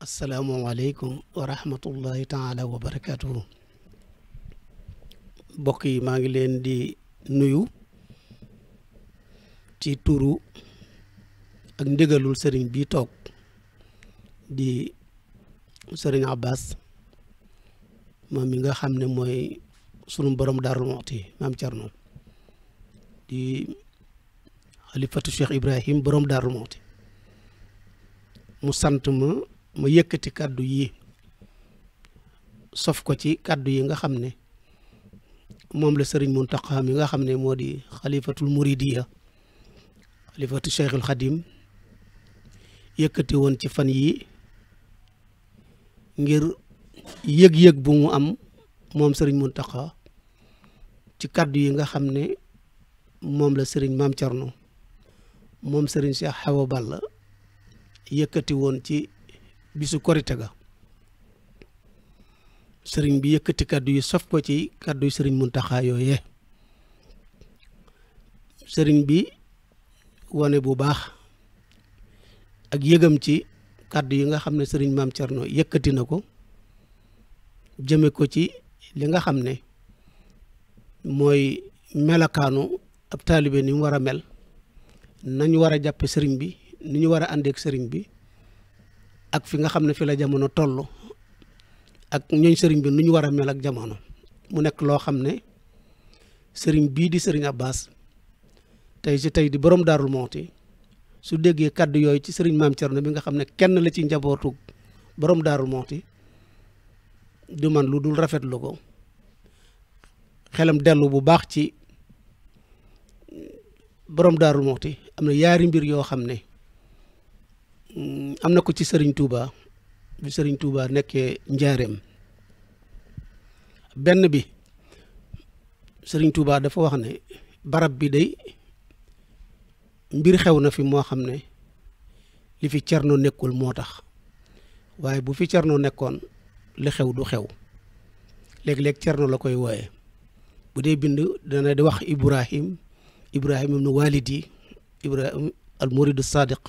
asalaamaaleykum wa rahmatullahi taala wa barakaatuhu mbokk yi maa ngi leen di nuyu ci turu ak ndigalul sëriñ bi toog di sëriñ Abbas moom mi nga xam ne mooy sunu borom Daaru Muxti maam Cerno di xalifatu Cheikh Ibrahim borom Daaru Muxti mu sant ma ma yëkkati kàddu yi sof ko ci kàddu yi nga xam ne moom la sëriñ Muntaqa mi nga xam ne moo di xalifatul muridiya xalifatu Cheikhul Xadim yëkkati woon ci fan yi ngir yëg-yëg bu mu am moom sëriñ mun Mountakha ci kàddu yi nga xam ne moom la sëriñ Maam Thierno moom sëriñ Cheikh Awa Balla yëkkati woon ci bisu korite ga sëriñ bi yëkkati kàddu yi sof ko ci kàddu yi sëriñ Mountakha yooye sëriñ bi wane bu baax ak yëgam ci kàddu yi nga xam ne sëriñ maam Thierno yëkkati na ko jëme ko ci li nga xam ne mooy melakaanu ab taalibe ni war a mel nañ war a jàppe sëriñ bi ni ñu war a àndeek sëriñ bi ak fi nga xam ne fi la jamono toll ak ñooñ sëriñ bi nu ñu war a mel ak jamono mu nekk loo xam ne sëriñ bii di sëriñ Abbas tey ci tey di borom Daarul Muxti su déggee kaddu yooyu ci sëriñ maam na bi nga xam ne kenn la ci njabootu borom daarul moxti du man lu dul rafetlu ko xelam dellu bu baax ci borom daarul moxti am na yaari mbir yoo xam ne mm, am na ko ci sëriñ Touba bi sëriñ Touba nekkee njaareem benn bi sëriñ Touba dafa wax ne barab bi day mbir xew na fi moo xam ne li fi cerno nekkul moo tax waaye bu fi cerno nekkoon li xew du xew léeg-léeg cerno la koy wooye bu dee bind dana di wax ibrahim ibrahim ibnu walidi ibrahim al sadiq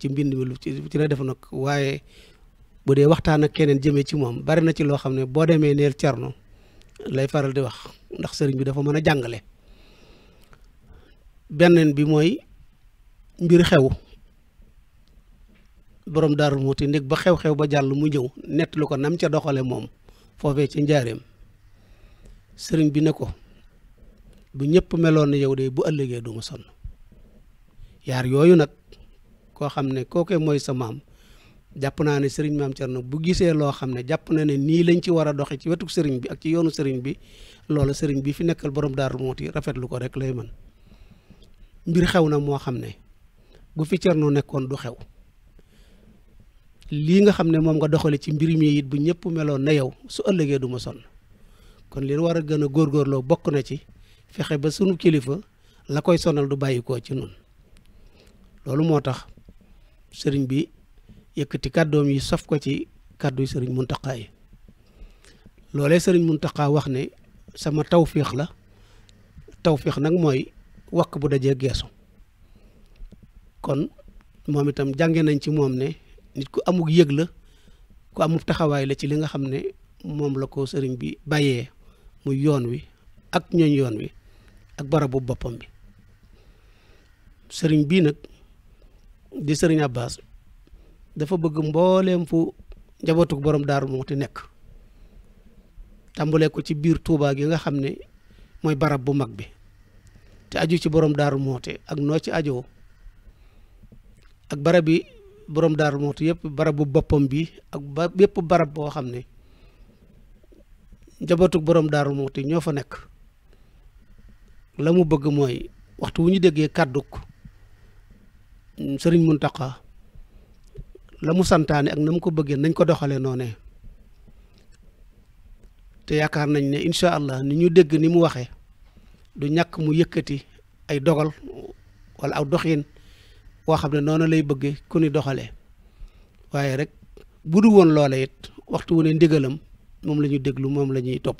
ci mbind mi lu ci la def nag waaye bu dee waxtaan ak keneen jëmee ci moom bari na ci loo xam ne boo demee neel cerno lay faral di wax ndax sëriñ bi dafa mën a jàngale beneen bi mooy mbir xew borom daarul muuti ndég ba xew-xew ba jàll mu ñëw nett lu ko nam ca doxale moom foofee ci njaareem sëriñ bi ne ko bu ñëpp meloon na yow de bu ëllëgee duma ma sonn yaar yooyu nag koo xam ne kooke mooy sa maam jàpp naa ne sëriñ maam Cerno bu gisee loo xam ne jàpp na ne nii lañ ci war a doxe ci wetu sëriñ bi ak ci yoonu sëriñ bi loola sëriñ bi fi nekkal borom daarul muuti rafetlu ko rek lay man mbir xew na moo xam ne bu fi Cerno nekkoon du xew lii nga xam ne moom nga doxale ci mbir mi it bu ñëpp meloon na yow su ëllëgee du ma sonn kon leen war a gën a góorgóorloo bokk na ci fexe ba sunu kilifa la koy sonal du bàyyikoo ci nun loolu moo tax sëriñ bi yëkkati kàddoom yi sof ko ci kàddu sëriñ Muntaxa yi loolee sëriñ Muntaxa wax ne sama tawfiix la tawfiix nag mooy wakk bu dajee geesu kon moom itam jànge nañ ci moom ne nit ku amug yëg la ku amug taxawaay la ci li nga xam ne moom la ko sëriñ bi bàyyee muy yoon wi ak ñooñ yoon wi ak barabu boppam bi sëriñ bii nag di sëriñ a baas dafa bëgg mbooleem fu njabootug borom daaru Muxti nekk tàmbalee ko ci biir tuubaa gi nga xam ne mooy barab bu mag bi te aju ci borom daaru Muxti ak noo ci ajoo ak barabi yi borom daaru moxti yëpp barabu boppam bi ak ba yëpp barab boo xam ne njabootug borom daaru moxti ñoo fa nekk la mu bëgg mooy waxtu wu ñu déggee kàdduk sëriñ mu Muntaqa la mu santaane ak na mu ko bëggee nañ ko doxalee noonee te yaakaar nañ ne incha allah ni ñu dégg ni mu waxe du ñàkk mu yëkkati ay dogal wala aw doxin boo xam ne noonu lay bëggee ku ni doxale waaye rek bu du woon loola it waxtu wu ne ndigalam moom la ñu déglu moom la ñuy topp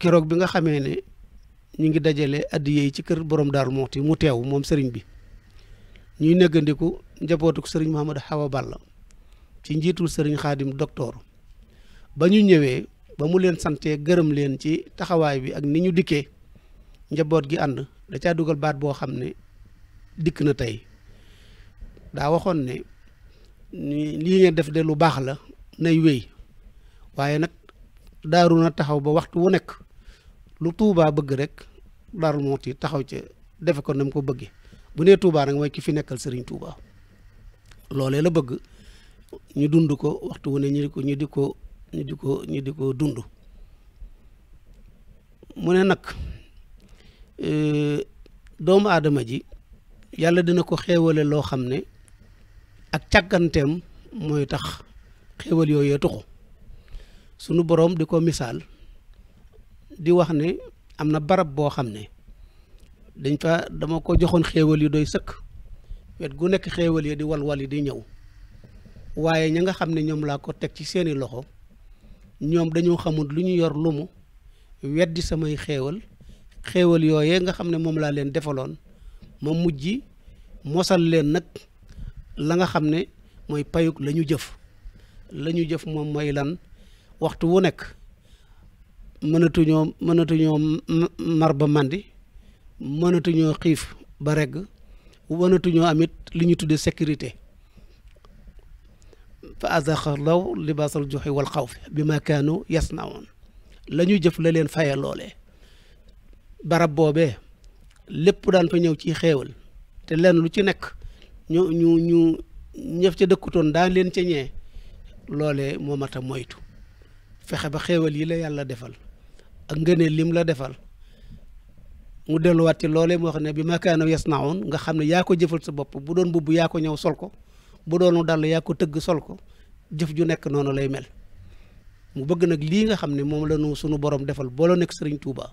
keroog bi nga xamee ne ñu ngi dajale addiya yi ci kër borom Daaru Muxti mu teew moom sëriñ bi ñuy neggandiku njabootuk sëriñ Mouhamadou Hawa la ci njiitul sëriñ Xaadim docteur ba ñu ñëwee ba mu leen santee gërëm leen ci taxawaay bi ak ni ñu dikkee njaboot gi ànd da dugal baat boo xam ne dikk na tey daa waxoon ne lii ngeen def de lu baax la nay wéy waaye nag daaru na taxaw ba waxtu wu nekk lu tuubaa bëgg rek daaru mooti taxaw ca defe ko nam ko bëggee bu nee tuubaa nag mooy ki fi nekkal sëriñ tuuba loole la bëgg ñu dund ko waxtu wu ne ñu di ko ñu di ko di ko ñu di ko dund mu ne nag eh, doomu aadama ji yàlla dina ko xéewale loo xam ne ak càgganteem mooy tax xéewal yooyee tuxu sunu boroom di ko misaal di wax ne am na barab boo xam ne dañ fa dama ko joxoon xéewal yu doy sëkk wet gu nekk xéewal yi di walwal yi di ñëw waaye ña nga xam ne ñoom laa ko teg ci seeni loxo ñoom dañoo xamul lu ñu yor lu mu wet di samay xéewal xéewal yooyee nga xam ne moom laa leen defaloon ma mujj mosal leen nag la nga xam ne mooy payug la ñu jëf la ñu jëf moom mooy lan waxtu wu nekk mënatuñoo mënatuñoo mar ba màndi mënatuñoo xiif ba regg mënatuñoo amit li ñu tudde sécurité fa azaqa law libaasal joxe wal fi bi ma kaanu yasnawoon la ñu jëf la leen faye loolee barab boobee lépp daan fa ñëw ci xéewal te lenn lu ci nekk ñu ñu ñu ñëf ca dëkkutoon daan leen ca ñee loole moo mat a moytu fexe ba xéewal yi la yàlla defal ak ngëneel mu la defal mu delluwaat ci loole moo xam ne bi makaana yasnaun nga xam ne yaa ko jëfal sa bopp bu doon mbubb yaa ko ñëw sol ko bu doonu dàll yaa ko tëgg sol ko jëf ju nekk noonu lay mel mu bëgg nag lii nga xam ne moom la sunu borom defal booloo nekk sëriñ tuubaa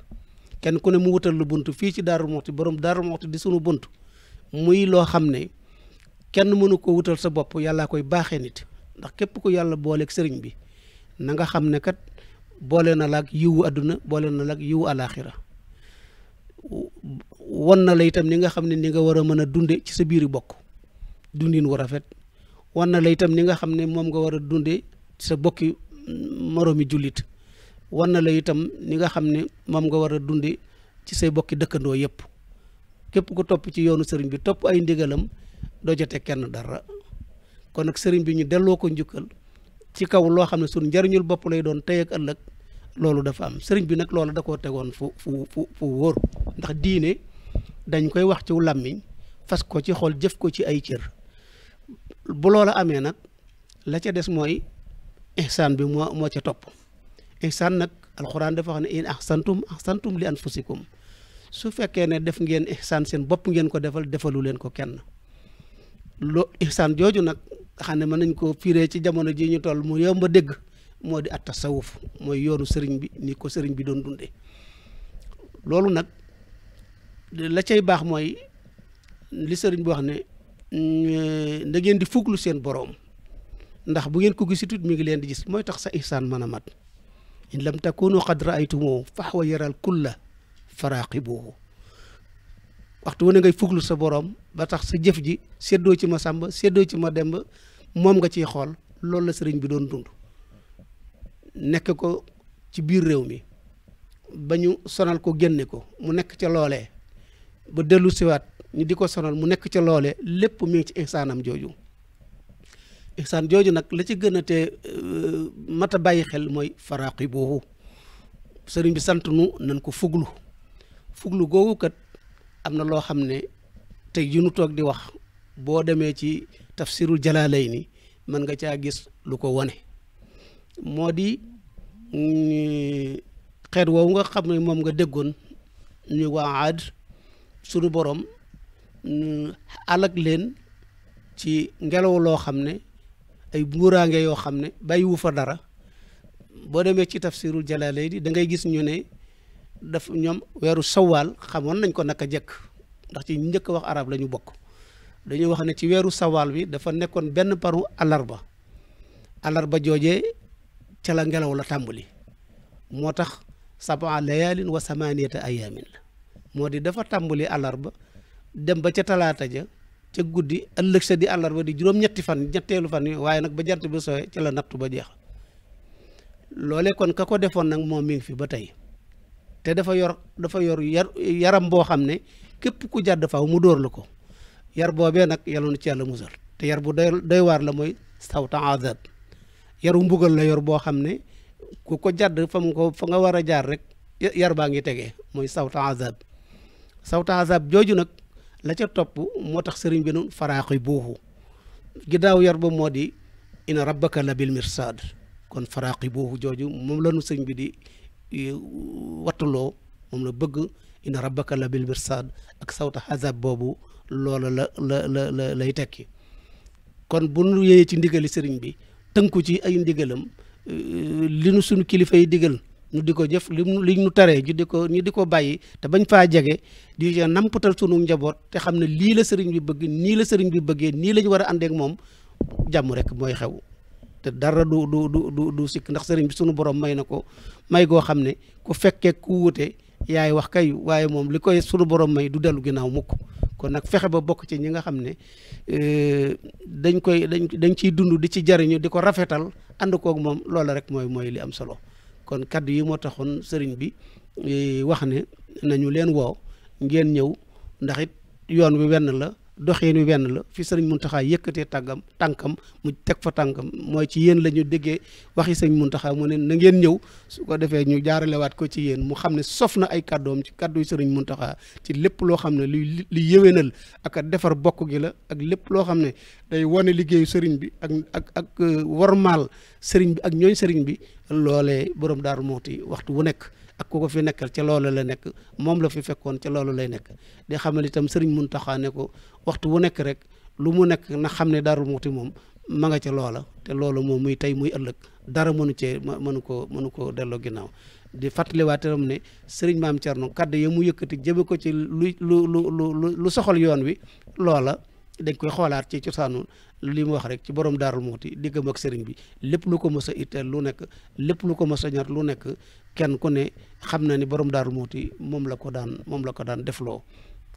kenn ku ne mu wutal lu bunt fii ci Darou Mouhty borom Darou Mouhty di sunu bunt muy loo xam ne kenn mënu ko wutal sa bopp yàllaa koy baaxee nit ndax képp ku yàlla booleek sëriñ bi nanga xam ne kat boole na laag yiwu àdduna boole na laag yiwu alaaxira wan na la itam ni nga xam ne ni nga war a mën a dunde ci sa biiri bokk dundin wu rafet wan na la itam ni nga xam ne moom nga war a dunde sa bokki mm, moroomi jullit wan na la itam ni nga xam ne moom nga war a dundi ci say bokki dëkkandoo yëpp képp ku topp ci yoonu sëriñ bi topp ay ndigalam doo jote kenn dara kon nag sëriñ bi ñu delloo ko njukkal ci kaw loo xam ne suñu njariñul bopp lay doon tey ak ëllëg loolu dafa am sëriñ bi nag loolu da koo tegoon fu fu fu fu wóor ndax diine dañ koy wax ci làmmiñ fas ko ci xol jëf ko ci ay cër bu loola amee nag la ca des mooy ihsaan bi moo moo ca topp ihsaan nag alxuraan dafa xam ne in ahsantum ahsantum li anfusikum su fekkee ne def ngeen ihsaan seen bopp ngeen ko defal defalu leen ko kenn loo jooju nag xam ne mën nañ koo firee ci jamono ji ñu toll mu yomb dégg moo di at tasawuf mooy yoonu sëriñ bi ni ko sëriñ bi doon dunde loolu nag la cay baax mooy li sëriñ bi wax ne da di fuglu seen boroom ndax bu ngeen ko gisitut mi ngi leen di gis mooy tax sa ihsaan mën a mat in lam takunu qad raaytumuhu faxwa yaral kulla faraaqibuhu waxtu wane ngay fuglu sa boroom ba tax sa jëf ji séddoo ci ma sàmb séddoo ci ma demb moom nga ciy xool loolu la sëriñ bi doon dund nekk ko ci biir réew mi ba ñu sonal ko génne ko mu nekk ca loole ba dellu siwaat ñu di ko sonal mu nekk ca loole lépp mi ngi ci ihsaanam jooju ihsaan jooju nag la ci gën a te mat a bàyyi xel mooy faraaqi boobu sëriñ bi sant nu nan ko fuglu fuglu googu kat am na loo xam ne tey ji nu toog di wax boo demee ci tafsirul jalale ni mën nga caa gis lu ko wane moo di mm, xeet woowu nga xam ne moom nga déggoon ñu waa aad sunu borom mm, alak leen ci ngelaw loo xam ne ay buuraange yoo xam ne bàyyiwu fa dara boo demee ci tafsirul Jalaalayni da ngay gis ñu ne daf ñoom weeru sawaal xamoon nañ ko naka jekk ndax ci njëkk wax arab lañu bokk dañuy wax ne ci weeru sawaal bi dafa nekkoon benn paru alarba alarba joojee ca la ngelaw la tàmbali moo tax sabaa layaalin wa samaaniyata ayaamin la moo di dafa tàmbali alarba dem ba ca talaata ja ca guddi ëllëg sa di àllarba di juróom-ñetti fan ñetteelu fan waaye nag ba jant bi sooy ca la nattu ba jeex loolee kon ka ko defoon nag moom mi ngi fi ba tey te dafa yor dafa yor yar yaram boo xam ne képp ku jàdd faaw mu dóor la ko yar boobee nag yàlla na ci la musal te yar bu doy doy waar la mooy sawta azab yaru mbugal la yor boo xam ne ku ko jàdd fa mu ko fa nga war a jaar rek yar baa ngi tege mooy sawta azab sawta azab jooju nag la ca topp moo tax sëriñ bi noonu faraaxi buuxu ginnaaw yar ba moo di ina rabbaka la bil mirsaad kon faraaxi buuxu jooju moom la nu sëriñ bi di e, wattuloo moom la bëgg ina rabbaka la bil ak sawta xasab boobu loola la la la tekki kon bu nu yéyee ci ndigal sëriñ bi tënku ci ay ndigalam e, li nu sunu kilifa yi digal ñu di ko jëf li li ñu taree ñu di ko ñu di ko bàyyi te bañ faa jege di je namputal sunu njaboot te xam ne lii la sëriñ bi bëgg nii la sëriñ bi bëggee nii la war andeek moom jàmm rek mooy xew te dara du du du du du sikk ndax sëriñ bi sunu borom may na ko may goo xam ne ku fekkee ku wuute yaay wax kay waaye moom li koy sunu borom may du dellu ginnaaw mukk kon nag fexe ba bokk ci ñi nga xam ne euh, dañ koy dañ dañ ciy dund di ci jariñu di ko rafetal ànd kook moom loola rek mooy mooy li am solo kon kaddu yi moo taxoon sëriñ bi eh, wax ne nañu leen woo ngeen ñëw ndax yoon wi wenn la doxeen wi wenn la fi sëriñ Muntaxa yëkkatee tàggam tànkam mu teg fa tànkam mooy ci yéen la ñu déggee waxi sëriñ Muntaxa mu ne na ngeen ñëw su ko defee ñu jaaralewaat ko ci yéen mu xam ne sof na ay kàddoom ci kàdduy sëriñ Muntaxa ci lépp loo xam ne luy li yéwénal ak a defar bokk gi la ak lépp loo xam ne day wane liggéeyu sëriñ bi ak ak ak euh, warmaal sëriñ bi ak ñooñ sëriñ bi loolee borom Daaru ti waxtu wu nekk ak ku ko fi nekkal ca loolu la nekk moom la fi fekkoon ca loolu lay nekk di xamal itam sëriñ Muntaxa ne ko waxtu wu nekk rek lu mu nekk na xam ne Daaru Muxti moom ma nga ca loola te loolu moom muy tey muy ëllëg dara mënu cee mënu koo mënu koo delloo ginnaaw di fàttaliwaatam ne sëriñ maam Cerno kaddu ya mu yëkkati jëme ko ci lu lu lu lu soxal yoon wi loola dañ koy xoolaat ci cosaanu lii mu wax rek ci borom daarul muuti diggam ak sëriñ bi lépp lu ko mos a itteel lu nekk lépp lu ko mos a ñor lu nekk kenn ku ne xam na ni borom daarul muuti moom la ko daan moom la ko daan defloo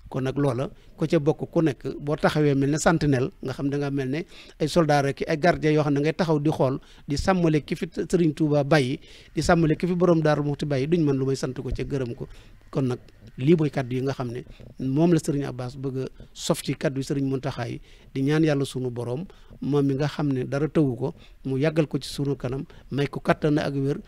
kon nag loola ku ca bokk ku nekk boo taxawee mel ne sentinelle nga xam da nga mel ne ay soldat rek ay gardien yoo xam ne ngay taxaw di xool di sàmmale ki fi Serigne Touba bàyyi di sàmmale ki fi borom Daaru Muxti bàyyi duñ mën lu may sant ko ca gërëm ko kon nag lii mooy kaddu yi nga xam ne moom la Serigne Abbas bëgg sof ci kaddu sëriñ Serigne Mountakha di ñaan yàlla sunu borom moom mi nga xam ne dara tëwu ko mu yàggal ko ci sunu kanam may ko kattan ak wér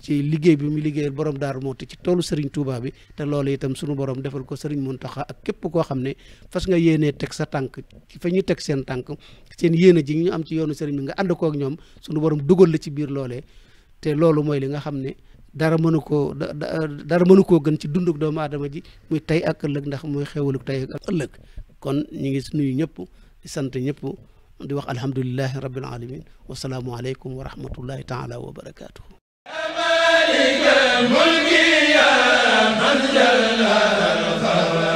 ci liggéey bi mu liggéeyal borom daaru Muxti ci toolu Serigne Touba bi te loolu itam sunu borom defal ko Serigne Mountakha ak képp koo xam ne fas nga yéenee teg sa tànk fa ñu teg seen tànk seen yéene ji ñu am ci yoonu Serigne mi nga ànd kook ñoom sunu borom dugal la ci biir loole te loolu mooy li nga xam ne dara mënu koo dara mënu koo gën ci dunduk doomu aadama ji muy tey ak ëllëg ndax muy xewaluk tey ak ëllëg kon ñu ngi nuyu ñëpp di sant ñëpp di wax alhamdulilahi rabbil alamin wasalaamualeykum wa rahmatullahi taala wa barakaatu. مالك الملك يا من جل الخلق